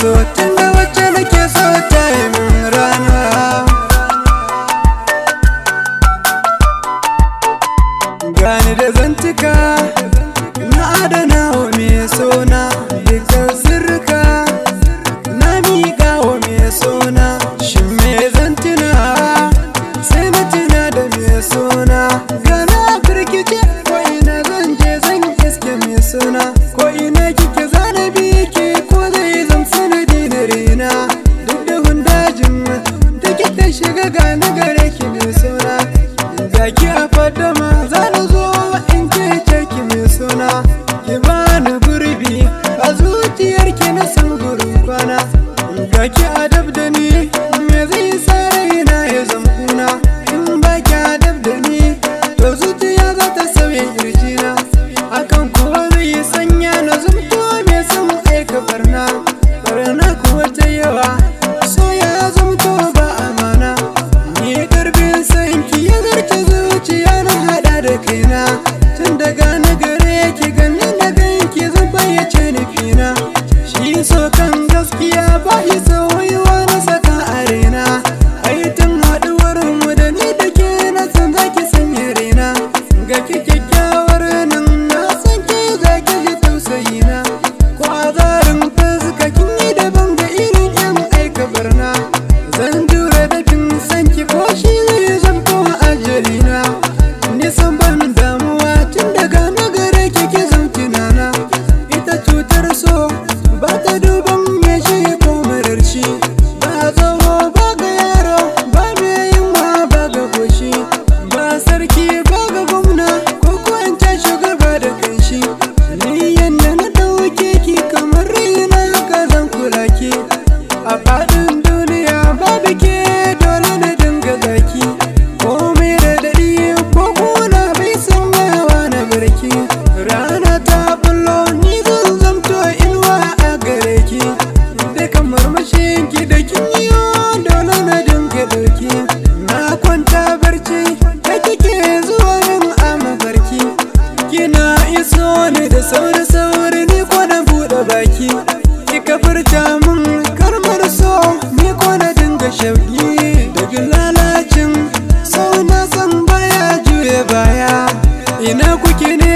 so da wacce nake so ta yi min rana gani da zantika na adana wa mai sona dukkan sirri yeah tun daga na gare ki gani na zuba zan bayyace fina, shi so kan gaskiya ba shi so wani da sauri sauri ni ko na buɗe baki kika furta min karmar so ni ko na dinga shauki daga lalacin sau na san baya juye baya ina kuke ne